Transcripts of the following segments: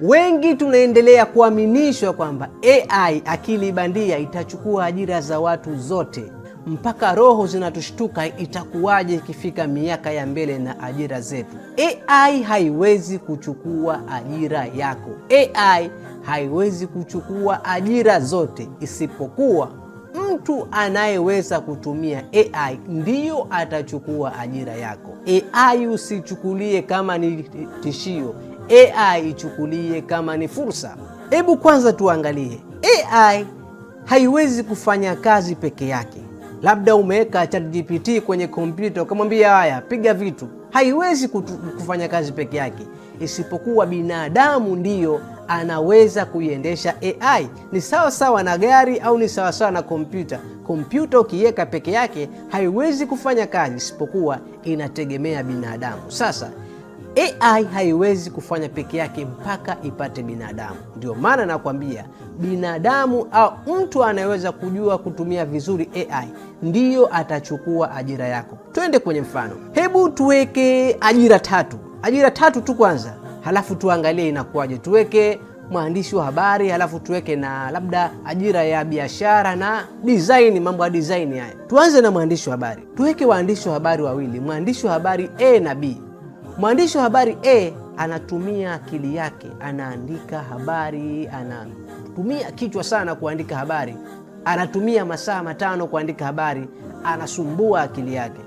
Wengi tunaendelea kuaminishwa kwamba AI akili bandia itachukua ajira za watu zote, mpaka roho zinatushtuka, itakuwaje ikifika miaka ya mbele na ajira zetu? AI haiwezi kuchukua ajira yako. AI haiwezi kuchukua ajira zote, isipokuwa mtu anayeweza kutumia AI ndiyo atachukua ajira yako. AI usichukulie kama ni tishio. AI ichukulie kama ni fursa. Hebu kwanza tuangalie, AI haiwezi kufanya kazi peke yake. Labda umeweka ChatGPT kwenye kompyuta ukamwambia haya, piga vitu, haiwezi kutu, kufanya kazi peke yake, isipokuwa binadamu ndiyo anaweza kuiendesha AI. Ni sawa sawa na gari au ni sawa sawa na kompyuta. Kompyuta ukiweka peke yake haiwezi kufanya kazi, isipokuwa inategemea binadamu. Sasa AI haiwezi kufanya peke yake mpaka ipate binadamu. Ndio maana nakwambia binadamu au mtu anayeweza kujua kutumia vizuri AI ndiyo atachukua ajira yako. Twende kwenye mfano, hebu tuweke ajira tatu, ajira tatu tu kwanza, halafu tuangalie inakuwaje. Tuweke mwandishi wa habari, halafu tuweke na labda ajira ya biashara na design, mambo ya design haya. Tuanze na mwandishi wa habari, tuweke waandishi wa habari wawili, mwandishi wa habari A na B Mwandishi wa habari A anatumia akili yake, anaandika habari, anatumia kichwa sana kuandika habari, anatumia masaa matano kuandika habari, anasumbua akili yake.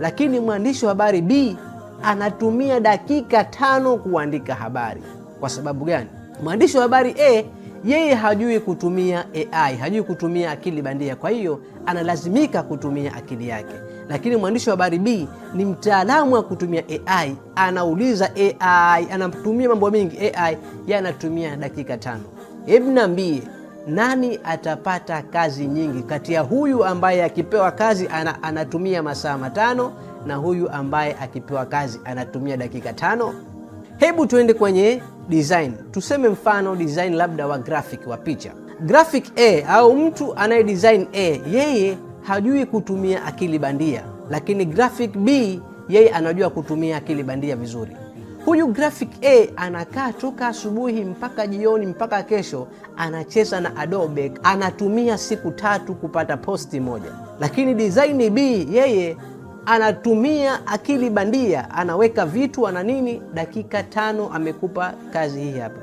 Lakini mwandishi wa habari B anatumia dakika tano kuandika habari. Kwa sababu gani? Mwandishi wa habari A yeye hajui kutumia AI, hajui kutumia akili bandia, kwa hiyo analazimika kutumia akili yake. Lakini mwandishi wa habari B ni mtaalamu wa kutumia AI, anauliza AI, anatumia mambo mengi AI, yeye anatumia dakika tano. Hebu niambie nani atapata kazi nyingi kati ya huyu ambaye akipewa kazi ana, anatumia masaa matano na huyu ambaye akipewa kazi anatumia dakika tano? Hebu tuende kwenye design, tuseme mfano design labda wa graphic wa picha, graphic A au mtu anaye design A yeye hajui kutumia akili bandia, lakini graphic B yeye anajua kutumia akili bandia vizuri. Huyu graphic A anakaa toka asubuhi mpaka jioni mpaka kesho, anacheza na Adobe, anatumia siku tatu kupata posti moja, lakini design B yeye anatumia akili bandia, anaweka vitu ana nini, dakika tano amekupa kazi hii hapa.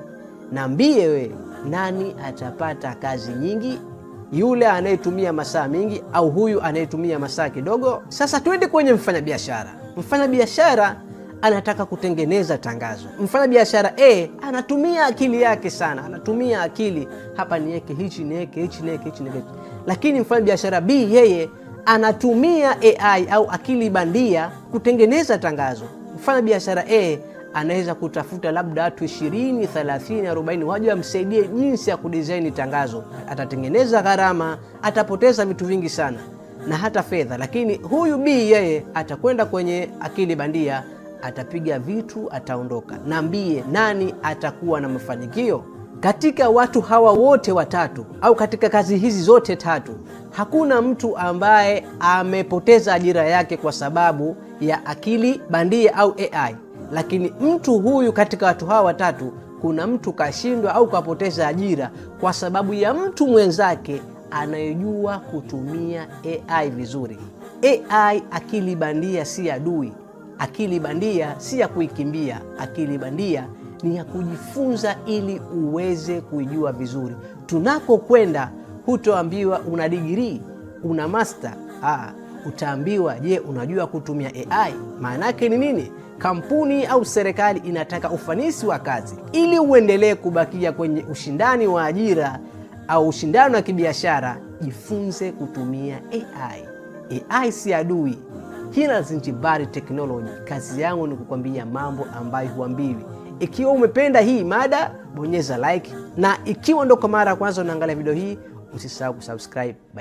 Naambie we nani atapata kazi nyingi, yule anayetumia masaa mingi au huyu anayetumia masaa kidogo? Sasa twende kwenye mfanyabiashara. Mfanyabiashara anataka kutengeneza tangazo. Mfanyabiashara A anatumia akili yake sana, anatumia akili hapa, niweke hichi, niweke hichi, niweke hichi, niweke, lakini mfanyabiashara B yeye anatumia AI au akili bandia kutengeneza tangazo. Mfanya biashara A anaweza kutafuta labda watu 20, 30, 40 waje wamsaidie jinsi ya kudesign tangazo. Atatengeneza gharama, atapoteza vitu vingi sana na hata fedha. Lakini huyu B yeye atakwenda kwenye akili bandia, atapiga vitu, ataondoka. Naambie nani atakuwa na mafanikio katika watu hawa wote watatu, au katika kazi hizi zote tatu? Hakuna mtu ambaye amepoteza ajira yake kwa sababu ya akili bandia au AI, lakini mtu huyu katika watu hawa watatu, kuna mtu kashindwa au kapoteza ajira kwa sababu ya mtu mwenzake anayejua kutumia AI vizuri. AI, akili bandia si adui. Akili bandia si ya kuikimbia. Akili bandia ni ya kujifunza ili uweze kuijua vizuri. Tunakokwenda hutoambiwa una digrii, una master. Ah, utaambiwa je, unajua kutumia AI? Maana yake ni nini? Kampuni au serikali inataka ufanisi wa kazi ili uendelee kubakia kwenye ushindani wa ajira au ushindani wa kibiashara. Jifunze kutumia AI. AI si adui. Hii ni Alzenjbary Technology. Kazi yangu ni kukwambia mambo ambayo huambiwi. Ikiwa umependa hii mada, bonyeza like, na ikiwa ndo kwa mara ya kwanza unaangalia video hii usisahau kusubscribe.